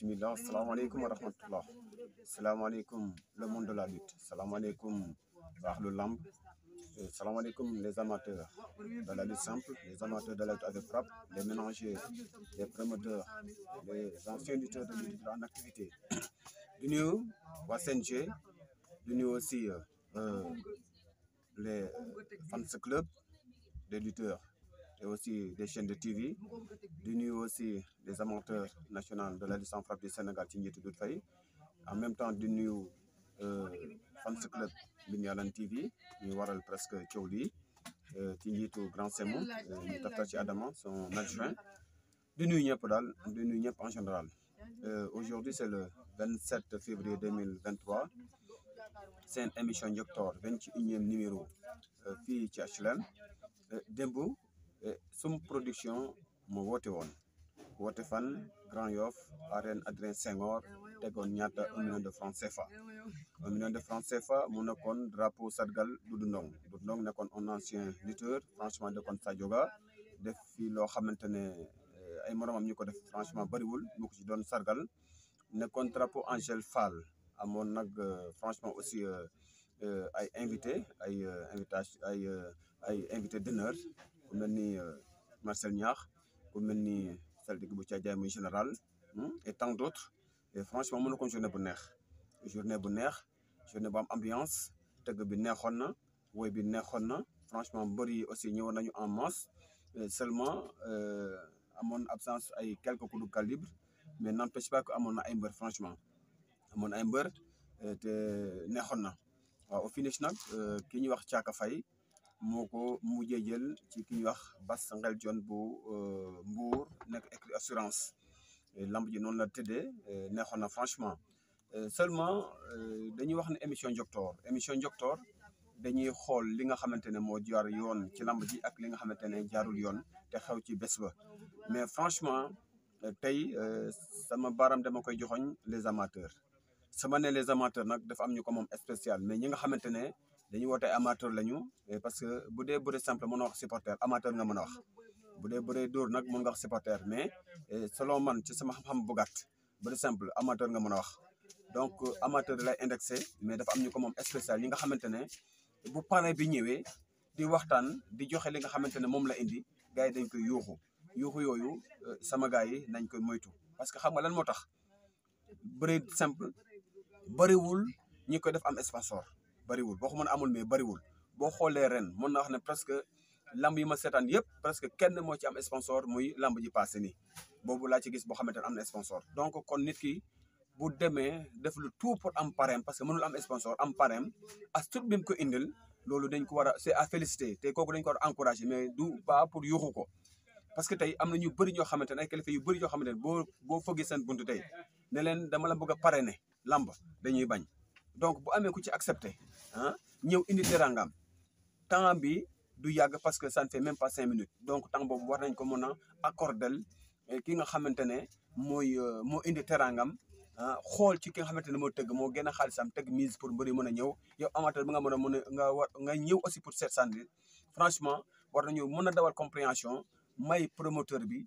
bismillah alaikum wa rahmatullah alaikum le monde de la lutte salaamaaleykum lambe, Lamb alaikum les amateurs de la lutte simple les amateurs de la lutte avec frappe les mélangés, les promoteurs les anciens lutteurs de lutte en activité du nuyu nous du aussi euh, euh, les fans club des lutteurs et aussi des chaînes de TV, du nuit aussi des amateurs nationaux de la licence sans frappe du Sénégal, Tignetou Doudfaï, en même temps du nuit euh, fans club Binyalan TV, nous voyons presque Tchouli, euh, Grand Semoun, Tatachi euh, Taftachi Adama, son adjoint, du nuit Nyapodal, du nuit Nyap en général. Euh, aujourd'hui, c'est le 27 février 2023. C'est une émission d'octobre, 21e numéro, fi fille HLM. Euh, eh, som production mon woote woon fan Grand Yoff arène Adrien Senghor tegon ñata un million de francs CFA un million de francs CFA mu nekkoon drapeau sargal Doudou Ndong Doudou Ndong un ancien lutteur franchement de Sadio yoga def fi lo xamante eh, ay moromam ñu def franchement bari wul ko ci doon sargal nekkoon drapeau angel Fall amoon nak eh, franchement aussi ay invité ay invitation ay ay invité d'honneur comme ni euh, Marcel Niakh comme mel ni Sall dëgg bu général hmm, et tant d'autres. et franchement mën na ko journée bu neex journée bu neex journée bu ambiance tëgg bi neexoon na woy bi neexoon franchement mbër aussi ñëwoon nañu en masse seulement euh, mon absence ay quelques coups de calibre mais n'empêche pas que mon na ay franchement amoon ay mbër euh, te neexoon na au finish nag ki ñuy wax Thiaka Moko ko jël ci ki bu euh, Mbour assurance lamb la euh, franchement euh, seulement dañuy wax né émission émission dañuy li nga yoon ci lamb ji ak li nga jaarul yoon xew ci ba mais franchement tay sama baram dama koy les amateurs sama les amateurs nak dafa am mais ñi nga dañu woote amateur lañu parce que bu dee bëre simple mën a wax supporter amateur nga mëna wax bu dee bëre dóor nag mën nga wax supporter mais eh, selon man ci sama xam-xam bu gàtt simple amateur nga mëna wax donc euh, amateur da lay indexé mais dafa am ñu ko moom spécial ñi nga xamantene bu parrain bi ñëwé di waxtaan di joxe li nga xamantene mom la indi gaay dañ koy yuuxu yuuxu yooyu euh, sama gaay yi nañ koy moytu parce que xam nga lan moo tax bëre simple bëriwul ñi koy def am sponsor bariwul boo xamoon amul mais bariwul bo xoolee ren mën na wax ne presque lamb yi ma seetaan yëpp presque kenn moo ci am sponsor muy lamb ji passé nii boobu laa ci gis boo xamante ne am na sponsor donc kon nit ki bu demee def lu tout pour am parrain parce que mënul am sponsor am parrain as tuut bi ko indil loolu dañ ko war a c'est te kooku dañ ko war encourager mais du pas pour yuuxu ko parce que tey am na ñu bëri ñoo xamante ne ay kilifa yu bëri ñoo xamante ne boo boo fëggee seen buntu tey ne leen dama la bëgg a parrainer lamb dañuy bañ donc bu amé ku ci accepter ah hein, ñew indi terangam temps bi du yag parce que ça ne fait même pas 5 minutes donc temps bobu war nañ ko eh, ki nga xamantene moy euh, mo indi terangam hein, xol ci ki nga xamantene mo teug mo teug mise pour mëna yow amateur nga mëna nga aussi pour franchement war nañu mëna dawal compréhension may promoteur bi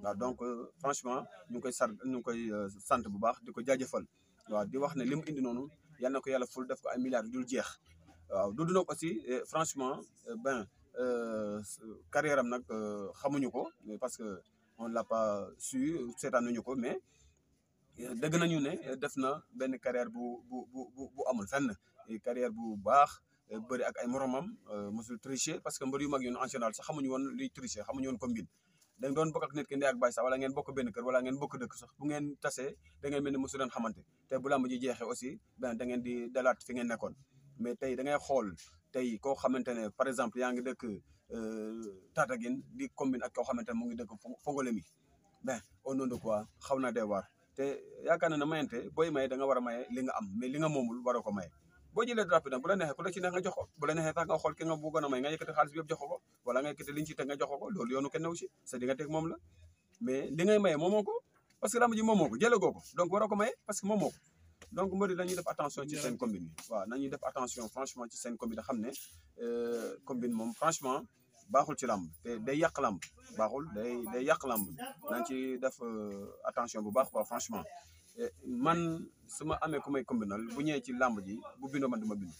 waaw donc euh, franchement ñu ngi koy sant ñu ngi koy euh, sant bu baax di ko jaajëfal waaw di wax ne li mu indi noonu yal na ko yàlla ful def ko ay milliards dul jeex waaw du aussi franchement euh, ben carrière am nag xamuñu ko parce que on l'a pas su seetaanuñu ko mais dëgg nañu ne def na benn carrière bu bu bu bu amul fenn carrière bu baax. bëri ak ay moromam mosul tricher parce que mbër yu mag yoon en général sax xamuñu woon luy tricher xamuñu woon combine da doon bokk ak nit ki ndey ak baay sax wala ngeen bokk benn kër wala ngeen bokk dëkk sax bu ngeen tasee da xamante te bu làmb ji jeexee aussi ben da di dalaat fi ngeen nekkoon mais tey da ngay xool tey koo xamante ne par exemple yaa ngi dëkk euh, Tataguine di combine ak koo xamante ne mu ngi dëkk Fongolemi ben au nom de quoi xaw na dee waar te yaakaar na ne mayante booy may da nga war a maye li nga am mais li nga moomul waroo ko maye boo jëlee drapeau nag bu la neexee ku la ci neex nga jox ko bu la nga xool ki nga bëggoon a may nga yëkkati xaalis bi yëpp wala nga yëkkati liñ ci teg nga jox ko loolu yoonu kenn wu si sa diggante mais li ngay maye moomoo parce que lamb ji moomoo ko donc waroo maye parce que moomoo donc mbëri nañuy def attention ci seen combine bi waaw def attention franchement ci seen combine xam ne euh, combine moom franchement baaxul ci làmb te day yàq làmb baaxul day day def euh, attention bu baax quoi franchement man su ma amee ku may combinal bu ñëwee ci làmb ji bu bindoo man du ma bind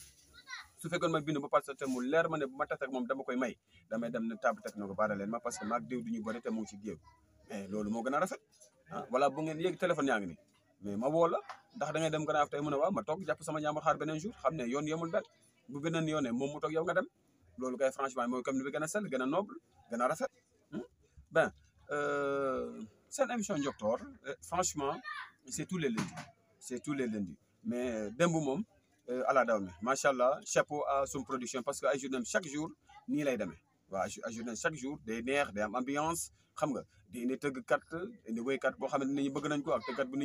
su fekkoon ma bind ba parce que mu leer ma ne bu ma tas ak moom dama koy may damay dem ne table teg na ko leen ma parce que maag diw du ñu bëri te mu ngi ci géew mais loolu moo gën a rafet ah voilà bu ngeen yéeg téléphone yaa ngi nii mais ma woo la ndax da ngay dem gannaaw tey mu ne waaw ma toog jàpp sama ñaamar xaar beneen jour xam ne yoon yemul benn bu beneen yoonee moom mu toog yow nga dem loolu kay franchement mooy comme ni bi gën a sell gën a noble gën rafet hmm? ben euh, seen émission Njoktoor euh, franchement c'est tous les lundis c'est tous les lundis mais d'un moment ala la dame macha chapeau à son production parce que je journée chaque jour ni lay dame. waaw ay journée chaque jour des nerfs des ambiances, ambiance xam nga des ne quatre, indi woykat boo ne nit bëgg nañ ko ak tëggkat bu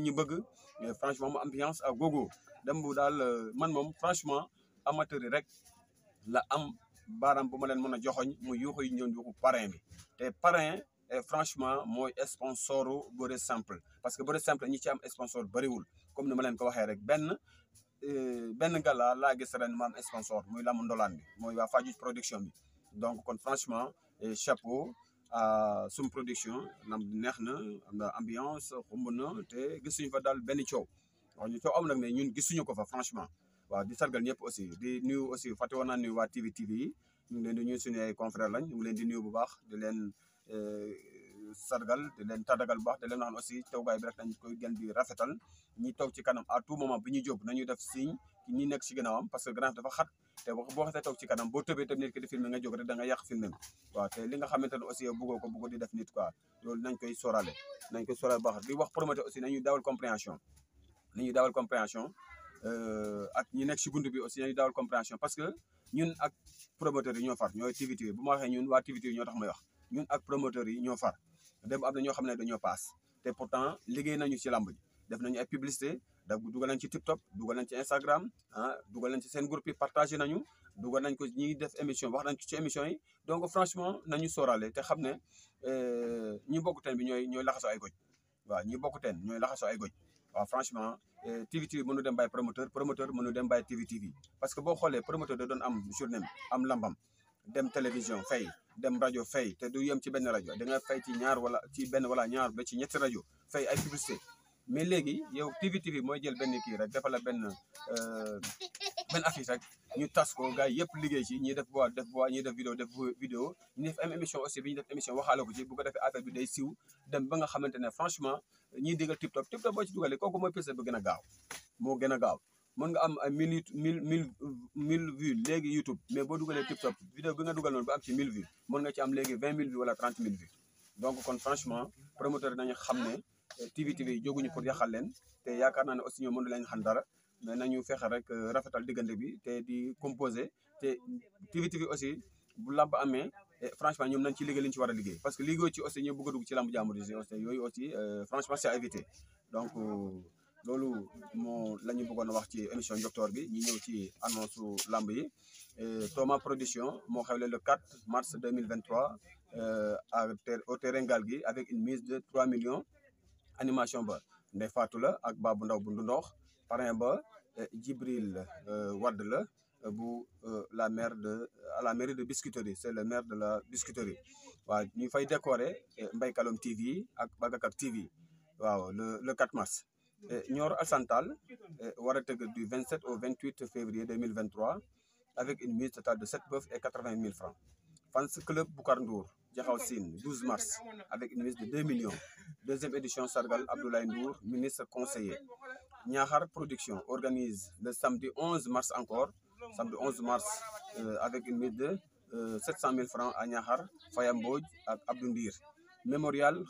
mais franchement ambiance à gogo d'un daal euh, man moom franchement amateur direct rek la am baram, bu ma leen joxoñ mu yuuxu parrain bi parrain franchement euh, franchement mooy sponsoru bëre simple parce que bëre simple ñi ci am sponsor bëriwul comme ni ma len ko waxe rek Ben ben gala la gis ren ma am sponsor moy lam ndolaan bi moy wa Fadiouth production bi donc kon franchement euh, chapeau à sum production nam neex na am na ambiance xumb na te gisuñu fa dal ben ciow wax ñu ciow am nak ne ñun gisuñu ko fa franchement wa di sargal ñep aussi di nuyu aussi fàtte woon naa nuyu waa TV TV ñu ngi leen di nuyu suñu ay confrères lañ ñu leen di nuyu bu baax di leen Euh, sargal di leen tàggatal bu baax di leen wax aussi toogaay bi dañ koy gën di rafetal ñi toog ci kanam à tout moment bi ñuy jóg nañu def signe ñi nekk ci gannaawam parce que gannaaw dafa xat te boo xasee toog ci kanam boo tëbee tam nit nga jóg rek da nga yàq filmé te li nga xamante ne aussi bëggoo ko bëggoo di def nit quoi loolu nañ koy sorale nañ koy sorale baax di wax promoteur aussi nañu daawal compréhension nañu daawal compréhension euh, ak ñi nekk ci gund bi aussi nañu daawal compréhension parce que ñun ak promoteur yi ñoo far ñooy wax ñun ak promoteur yi ñoo far dem am na ñoo xam ne dañoo paas te pourtant liggéey nañu ci lamb ji def nañu ay publicité da dugal nañ ci TikTok dugal nañ ci Instagram ah dugal nañ ci seen groupe yi partagé nañu dugal nañ ko ñi def émission wax nañ ko ci émission yi donc franchement nañu sóoraale te xam ne euh, ñi bokk teen bi ñooy ñooy laxasoo ay goj waaw ñi bokk teen ñooy laxasoo ay goj waaw franchement euh, TV TV mënu dem bay promoteur promoteur mënu dem bay TV TV parce que boo xoolee promoteur da doon am journée am lambam dem télévision fay dem rajo fay te du yem ci benn rajo da nga ci ñaar wala ci benn wala ñaar ba ci ñetti rajo fay ay publicité mais léegi yow TV TV mooy jël benn kii rek dafa la benn euh, benn affiche rek ñu tas ko gars yëpp liggéey ci ñiy def voix def voix ñiy def vidéo def vidéo ñu def am émission aussi bi ñu def émission waxaale ko ci bu ko defee affaire bi day siw dem ba nga xamante ne franchement ñiy déggal TikTok TikTok ci dugalee kooku mooy piste bu gën a gaaw moo gën a gaaw mën nga am ay mille mille mille vues léegi YouTube mais boo dugalee TikTok vidéo bi nga dugal noonu ba am ci mille vues mën nga ci am léegi vingt mille vues wala trente mille vues donc kon franchement promoteur yi nañu xam ne euh, TV TV jóguñu pour yàqal leen te yaakaar naa ne aussi ñoom mënu leen xam dara mais nañu fexe rek euh, rafetal diggante bi te di composer te TV TV aussi bu làmb amee eh, franchement ñoom nañ ci liggéey li ci war a liggéey parce que liggéey ci aussi ñu bëgg a dugg ci lamb jàmbur yi aussi yooyu aussi euh, franchement c'est à éviter donc loolu mo lañu ñu wax ci émission docteur bi ñi ñëw ci annonce lamb yi Thomas production mo xewle le 4 mars 2023 euh, à au terrain Gaal avec une mise de 3 millions animation ba Ndeye Fatou la ak Babou Ndaw bu Ndundox parrain ba euh, Djibril euh, Wad, la bu la maire de à la mairie de Biscuiterie c'est le maire de la Biscuiterie wa ñu fay décorer Mbaye Kalom TV ak Bagakak TV waaw le le 4 mars. Euh, Nior Al Santal euh, du 27 au 28 février 2023 avec une mise totale de 7 bœufs et 80 000 francs. Fans Club Boukandour Ndour, 12 mars, avec une mise de 2 millions. Deuxième édition Sargal Abdoulaye Ndour, ministre conseiller. Niahar Production organise le samedi 11 mars encore, samedi 11 mars, euh, avec une mise de 700 000 francs à Niahar, Fayamboj Abdoundir. Mémorial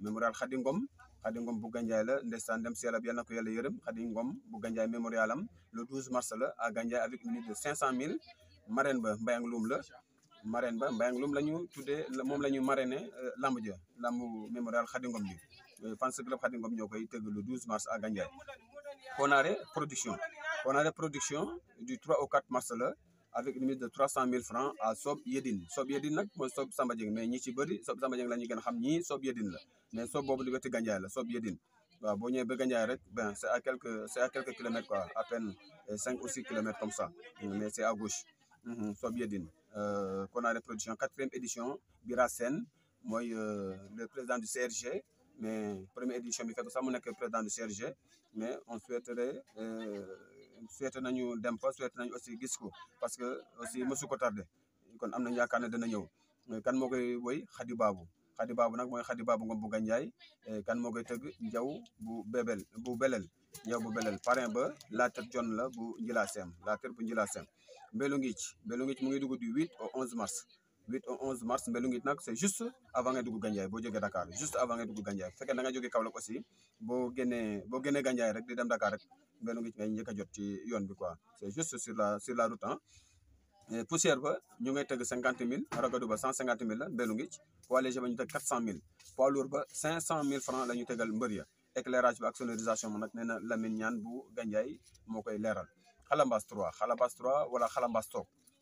Mémorial Khadingom, Khady Ngom bu Gandiaye la ndeysaan dem si yàlla bi yal na ko yàlla yërëm Khady Ngom bu Gandiaye mémorial am le 12 mars la à Gandiaye avec une de 500000 marraine ba Mbayang Loum la marraine ba Mbayang Loum la ñu tuddee moom la ñu marraine euh, lamb ja lamb mémorial Khady Ngom bi euh, fans club Khady Ngom ñoo koy tëgg le 12 mars à Gandiaye Konaré production Konaré production du 3 au 4 mars la avec une limite de 300 000 francs à Sob yedin Sob yedin c'est Sob Samba mais nous, ci bëri Sob Samba Dieng la Sob yedin mais Sob yedin di Sob yedin Si boo ñëwee ba rek ben c'est à quelques c'est à quelques kilomètres quoi à peine 5 euh, ou 6 kilomètres comme ça mm, mais c'est à gauche mm-hmm, Sob a euh, Konaré Production quatrième édition Bira Sen, euh, le président du CRG mais première édition je suis le mu président du CRG mais on souhaiterait souhaité nañu dem fa souhaité nañu aussi gis ko parce que aussi musu ko tardé kon amna nañu dana ñëw kan mo koy woy khadi babu khadi babu nak moy khadi babu Ngom bu Gandiaye kan mo koy teug ndiaw bu bebel bu belel ndiaw bu belel parrain ba laatar jon la bu njila la laatar bu njila seem mbelu ngiic mbelu mu ngi dugg du 8 au 11 mars 8 au 11 mars Mbelou Ngit nag c'est juste avant nga dugu ganjay bo joge Dakar juste avant nga dugu ganjay fekk da nga joge Kaolack aussi bo gene bo gene ganjay rek di dem Dakar rek Mbelou Ngit ngay njëkk jot ci yoon bi quoi c'est juste sur la sur la route ah poussière ba ñu ngay tegg 50000 ragadu ba 150000 cinquante la Mbelou Ngit poids léger ba ñu teg poids lourd ba 500000 francs lañu tegal ya éclairage ba ak sonorisation bi Lamine ñaan bu ganjay mo koy leeral xalambas 3 xalambas 3 wala xalambas toog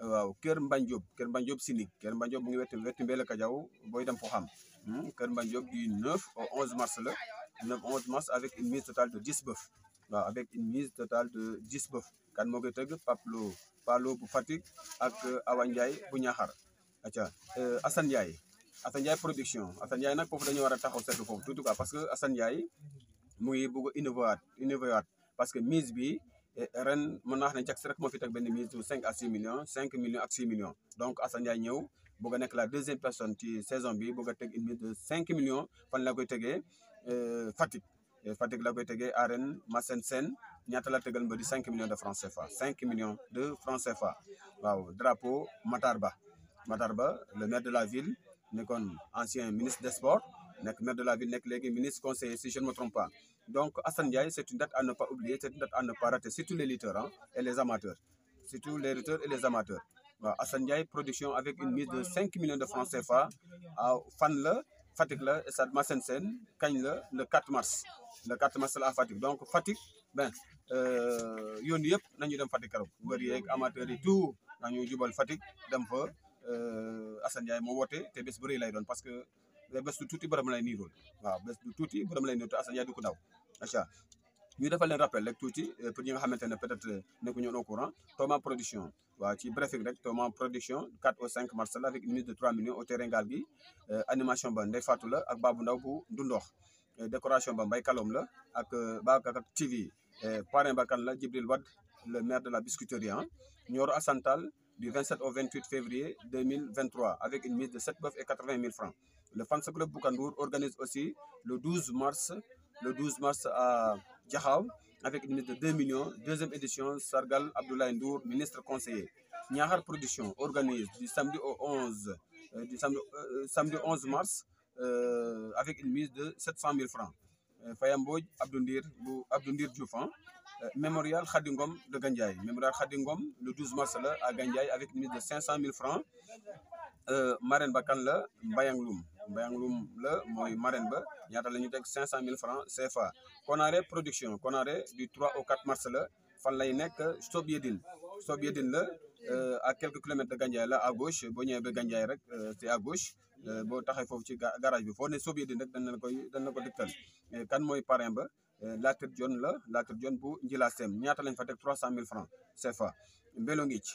waaw Kër Mbagne job Kër Mbagne job sinik Kër Mbagne job mu ngi wetu wetu Mbella Kadiaw boy dem xam hmm, Kër Mbagne job du 9 au 11 mars le 9 11 mars avec une mise totale de 10 bœuf waaw avec une mise totale de 10 bœuf kan mo koy teug Paplo Palo bu fatik ak euh, Awa Ndiaye bu acca euh asan Ndiaye asan Ndiaye production asan Ndiaye nak fofu dañu wara taxaw seetlu fofu tout cas parce que asan Ndiaye mu ngi bëgg innovate innovate parce que mise bi ren mën naa wax ne Jaks rek moo fi 5 à 6 millions 5 millions 6 millions donc Assane Ndiaye a la deuxième personne ci saison bi bëgg a une 5 millions fan la koy euh, la koy tegee à ren Massène Sène la tegal 5 millions de francs CFA 5 millions de francs CFA drapeau Matarba. Matarba, le maire de la ville un ancien ministre des sports Le maire de la ville le léegi ministre conseiller si je ne me trompe pas donc, Hassan Ndiaye, c'est une date à ne pas oublier, c'est une date à ne pas rater, surtout les lutteurs hein, et les amateurs. Surtout les lutteurs et les amateurs. Bah, Hassan production avec une mise de 5 millions de francs CFA à Fanle, Fatik le, et Sadma Kagne le, le 4 mars. Le 4 mars à Fatik. Donc, Fatik, ben, euh, yoon yep, nañu dem Fatick keroog mbër amateur amateurs et tout nañu jubal Fatik. dem fa Hassan euh, Ndiaye moo woote te bés bu parce que bes du tuuti borom lay niirool waaw bes du tuuti borom lay niirool te Assane du ko daw macha ñu defal leen rappel rek tuuti euh, pour ñi nga xamante ne peut-être euh, nekkuñu au courant Toma production waaw ci brefing rek Toma production 4 au 5 mars la avec une mise de 3 millions au terrain galbi. gi euh, animation ba Ndey Fatou la ak Babou Ndaw bu Ndundox décoration ba Mbaye Kalom la ak Babacar TV parrain Bakan la Jibril Wad le maire de la Biscuiterie hein. Nioro Asantal du 27 au 28 février 2023 avec une mise de 7 bœufs et 80 000 francs le Fans Club Boukandour organise aussi le 12 mars, le 12 mars à Djahaw, avec une mise de 2 millions. Deuxième édition, Sargal Abdoulaye Ndour, ministre conseiller. Niahar Production organise du samedi au 11, euh, du samedi, 11 euh, mars euh, avec une mise de 700 000 francs. Fayamboj Abdundir Abdoundir Djoufan, hein. Mémorial Khadingom de Gandiaï. Mémorial Khadingom, le 12 mars à Gandiaï avec une mise de 500 000 francs. Euh, marraine ba kan la Mbayang Loum Mbayang Loum la mooy marraine ba ñata lañu tek teg 500000 francs CFA. Konaré production Konaré du 3 au 4 mars la fan lay nek Sobiedine Sobiedine la euh, à quelques kilomètres de Gandiaye la à gauche boo ñëwee ba Gandiaye rek euh, c'est à gauche bo taxee fofu ci garage bi fo né Sobiedine rek dañ na koy dañ na ko dëgtal kan moy parrain ba. la Latir jaune la la Latir jaune bu Njila Sem ñata lañ fa teg 300000 francs CFA mbélo ngi ci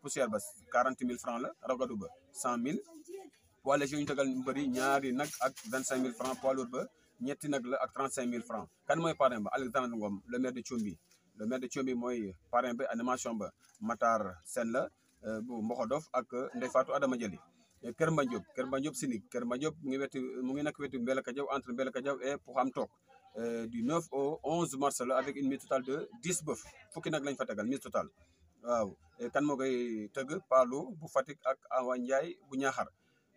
poussière ba quarante mille franc la rogadu ba cent mille poids léger yu ñu tegal ñu ak vingt cinq mille franc poids ba ñetti nag la ak trente cinq mille franc kan mooy parrain ba Alexandre Ngom le maire de Thiombi le maire de Thiombi mooy parrain ba animation ba Matar Sène la euh, bu Mboxodof ak euh, Ndeye Fatou Adama Jëli Kër Mbadiop Kër Mbadiop Sinig Kër Mbadiop mu ngi wetu mu ngi nekk wetu Mbelaka Diaw entre Mbelaka Diaw euh, du 9 au 11 la avec une mise totale de nag lañ fa tegal mise totale waaw eh, kan moo koy tëgg Palo bu Fatick ak Awa Ndiaye bu Ñaaxar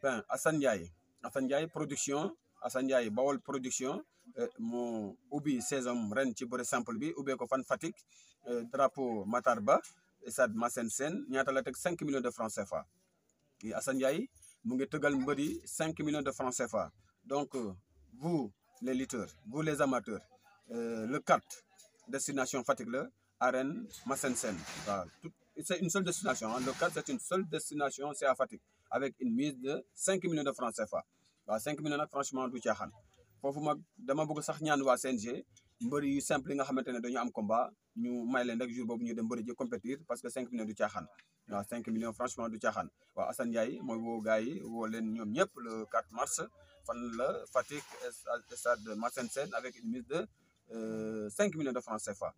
ben Assane Ndiaye Assane Ndiaye production Assane Ndiaye Bawol production eh, moo ubbi saison ren ci bëre simple bi ubbee ko fan Fatick eh, drapeau Matar Ba stade Massène Sène ñaata la teg 5 millions de francs CFA Assane Ndiaye mu ngi tëggal mbër 5 millions de francs CFA donc euh, vous les lecteurs vous les amateurs euh, le 4 destination Fatick la. Arène Massensen. C'est une seule destination. en hein. local, c'est une seule destination, c'est à Fatik, avec une mise de 5 millions de francs CFA. 5 millions francs, franchement du caaxaan foofu mag dama bëgg sax ñaan waa CNG mbëri yu simple nga xamantene dañu am combat ñu may leen rek jour bobu ñu dem mbëri ji compétir parce que 5 millions du tiaxan wa 5 millions franchement du tiaxan wa Assane Ndiaye moy woo gaay yi woo leen ñëpp le 4 mars fan la fatik stade de Sène avec une mise de 5 euh, millions de francs CFA.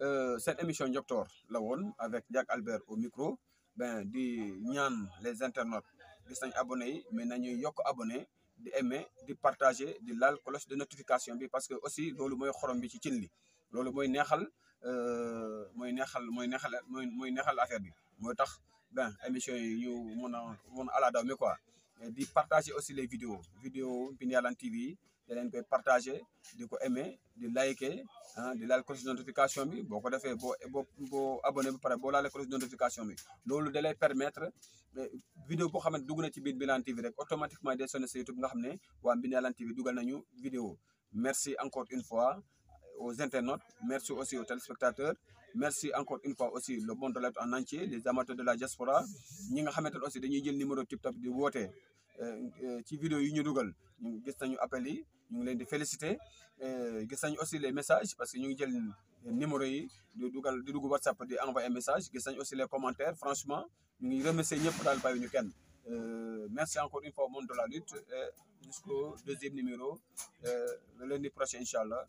Euh, cette émission Docteur Lawon avec Jacques Albert au micro ben di ñaan les internautes les abonnés, abonné mais nañuy yok abonné di aimer partager de de notification parce que aussi dans moy xorom bi ci li C'est moy neexal euh, moy neexal moy neexal moy affaire bi ben émission ala quoi partager aussi les vidéos vidéo Mbine TV de partager, koy de liker, aimer, di ah, la cloche de notification bi pouvez vous abonner pour abonné cloche de notification bi loolu vous lay permettre eh, vidéo vidéos xam ne ci TV automatiquement day sur YouTube nga xam vous waa Mbinaan TV dugal vidéo merci encore une fois aux internautes, merci aussi aux téléspectateurs, merci encore une fois aussi le bon de en entier, les amateurs de la diaspora. Nous avons aussi le numéro de TikTok de Water qui vidéo yi ñu ñu nañu ñu ngi féliciter aussi les messages parce que ñu ngi jël numéro yi di WhatsApp di envoyer message aussi les commentaires franchement merci encore une fois au monde de la lutte jusqu'au deuxième numéro le lundi prochain Inshallah,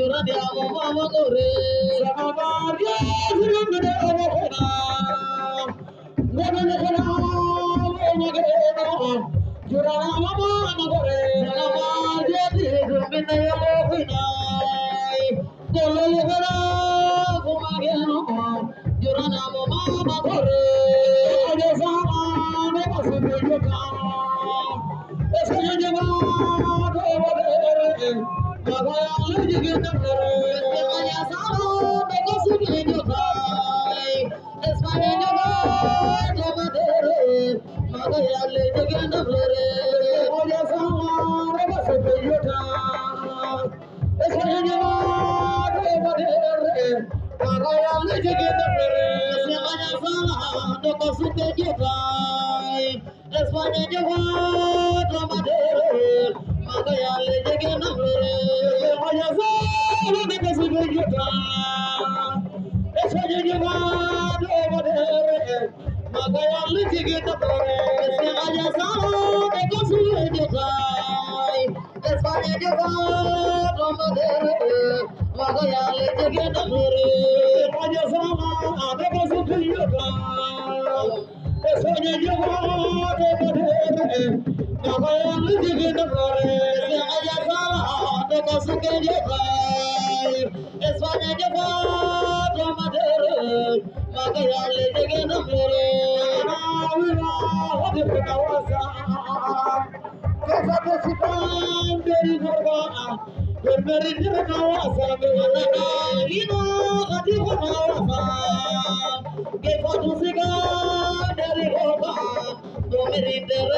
Thank you. I'm going to go to the house. I'm going to go to the house. I'm going to go to the house. I'm going to go to the house. I'm going to go to the house. I'm going to go to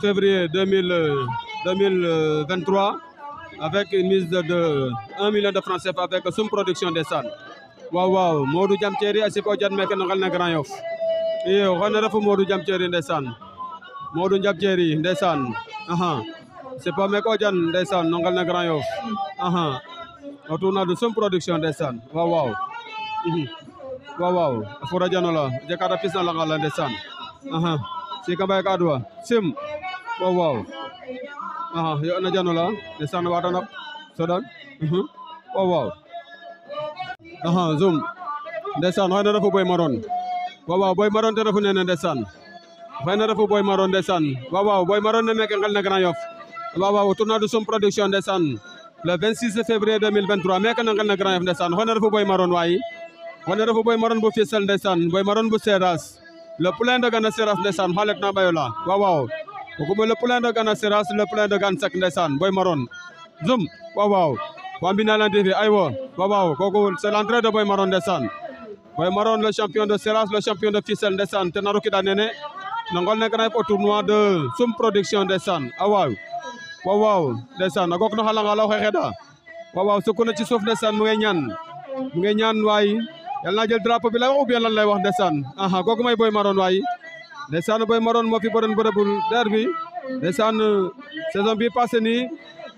février 2000, 2023 euh, avec une mise de, 1 million de francs CFA avec une production des salles. Waouh, waouh, Modou Djamtieri, c'est pas Djamtieri, mais Grand Yoff. Et on a fait Modou Djamtieri des salles. Modou Djamtieri des salles. C'est pas Meko Djan des salles, Grand Yoff. Ah On tourne de son production des Waouh, Waouh, waouh. Mhm. Waouh, waouh. Foura Djanola, Jakarta Pisa Langala des salles. Ah Sikamba ek adwa sim wow wow aha yo na janola ne san wata nak sodan mhm. wow wow aha zoom ndeysaan xëy na dafa boy maroon waaw waaw boy maroon te dafa nee na ndeysaan xëy na dafa boy maroon ndeysaan waaw waaw boy maroon ne nekk ngel na Grand Yoff waaw waaw tournoi Soum production ndeysaan le 26 février 2023 mekk na ngel na Grand Yoff ndeysaan xëy na dafa boy maroon waaye xëy na dafa boy maroon bu Fissel ndeysaan boy maroon bu Seras le plein de ganaseras Seras ndeysaan xaalet na ɓayo la le plein de ganaseras le plein de Gansak Seck ndeysaan Boy Maron zoom Wawao. waaw wa mbina Wawao. ay c'est l'entrée de Boy Maron ndeysaan Boy Maron le champion de Seras le champion de Fissel ndeysaan ten a rokida nene no ngol tournoi de sum Production ndeysaan a ah, waaw waaw waaw ndeysaan a gook no xalangalaw xe xeɗa waaw waaw sukuna ci suuf ndeysaan mu ñaan mu ñaan yàlla naa jël drapeau bi lay wax ou bien lan lay wax ndeysaan aha kooku may boy maroon waay ndeysaan boy maroon moo fi bodoon bërëbul der bi ndeysaan saison bi passé nii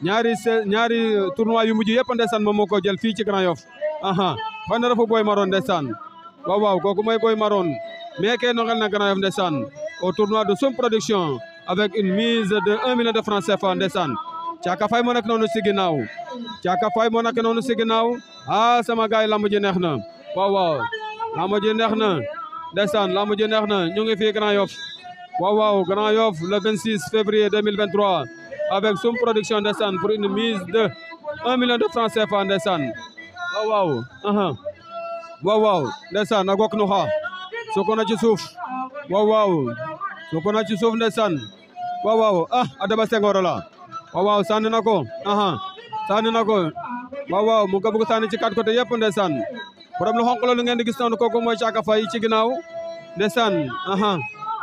ñaari ñaari euh, yu mujj yëpp ndeysaan moom moo ko jël fii ci Grand Yoff aha fan refu boy maroon ndeysaan waaw waaw kooku boy maroon mais kee noxel na Grand Yoff ndeysaan au tournoi de Soum Production avec une mise de 1 million de francs CFA ndeysaan Caaka Faye moo nekk noonu si Caaka Faye moo nekk noonu si ah, sama gaay lamb ji neex na waaw waaw lamb ji neex na ndeysaan lamb ji neex na ñu ngi fii Grand Yoff waaw waaw Grand Yoff le 26 février 2023 avec son Production ndeysaan pour une mise de 1 million de francs CFA ndeysaan waaw waaw aha waaw waaw ndeysaan a gok nu xa soko na ci suuf waaw waaw soko na ci suuf ndeysaan waaw waaw ah adama daba la waaw waaw sànni na ko aha sànni na ko waaw waaw mu nga bugg sànni ci quatre côté yépp ndeysaan borom lu xonq loolu ngeen di gis noonu kooku mooy Caaka Faye de ginnaaw ndeysaan aha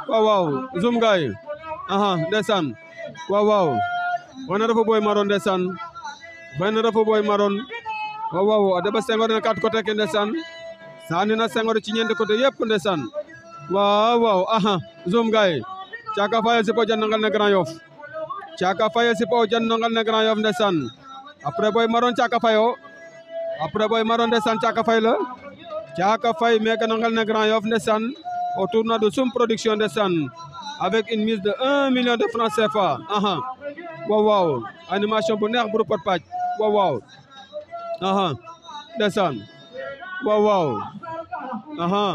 waaw waaw zoom gaay aha ndeysaan waaw waaw wana dafa booy maroon ndeysaan wana dafa booy maroon waaw waaw a deba Senghor na quatre côté ke ndeysaan saani na Senghor ci ñeenti côté yépp ndeysaan waaw waaw aha zoom gaay Caaka Faye sipo jannangal na Grand Yoff Caaka Faye sipo jannangal na Grand Yoff ndeysaan après booy maroon Caaka Faye oh. après boy maro ndeysaan Caaka Fay la Caaka Fay meke no ngel ne Grand Yoff ndeysaan au tournoi de Soum Production ndeysaan avec une mise de 1 million de francs CFA aha waaw waaw animation bu neex bu ru pot pàcc waaw waaw aha ndeysaan waaw waaw aha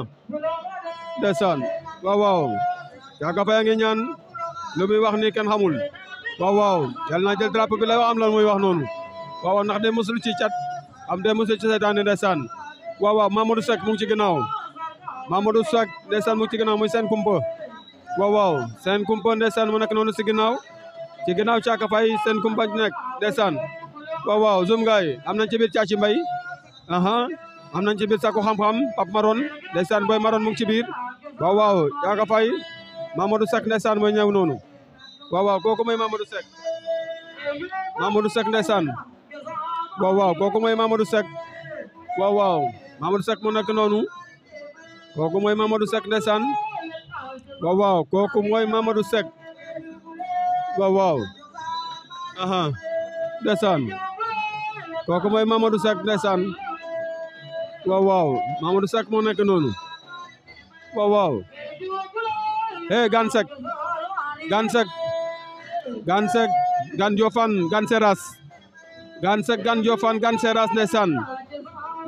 ndeysaan waaw waaw Caaka Fay a ngi ñaan lu muy wax ni kenn xamul wax am de musul ci cat am de musu ci seytaane ndeysaan waaw waaw Mamadou Seck mu ngi ci ginnaaw Mamadou Seck ndeysaan mu ngi ci ginnaaw muy seen kumpa waaw waaw seen kumpa ndeysaan mu nekk noonu si ginnaaw ci ginnaaw caaka fay seen kumpa nekk ndeysaan waaw waaw zum gaay am nañ ci biir caaci mbay aha am nañ ci biir sako xam-xam pap maron ndeysaan boy maron mu ci biir waaw waaw caaka fay Mamadou Seck ndeysaan moo ñëw noonu waaw waaw kooku mooy Mamadou Seck Mamadou Seck ndeysaan Wow, waaw koku moy Mamadou sek waaw waaw Mamadou sek mo nekk noonu Wow, moy Mamadou sek Wow. waaw waaw koku moy Mamadou sek waaw waaw aha ndessane koku moy Mamadou sek ndessane waaw waaw Mamadou sek mo nekk noonu waaw waaw eh gan sek gan sek gan sek gan Diofane gan Seras gan sek gan jofan gan seras ndeysaan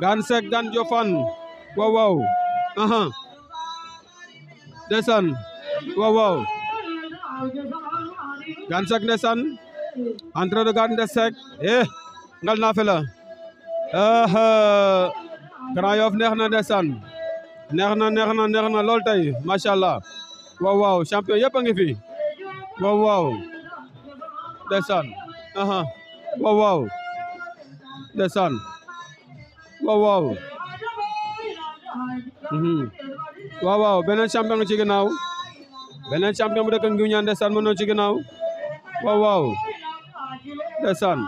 gan sek gan jofan waaw waaw aha ndeysaan waaw waaw gan sek ndeysaan entre de gan eh, ngal na fela aha Grand Yoff neex na ndeysaan na neex na neex na lool tey macha allah waaw waaw yëpp a ngi fi waaw waaw ndeysaan ndeysaan waaw waaw beneen mhm. waaw beneen champion ci ginnaaw beneen champion bu dëkk ngiw ñaan ndeysaan mën noonu ci ginnaaw waaw waaw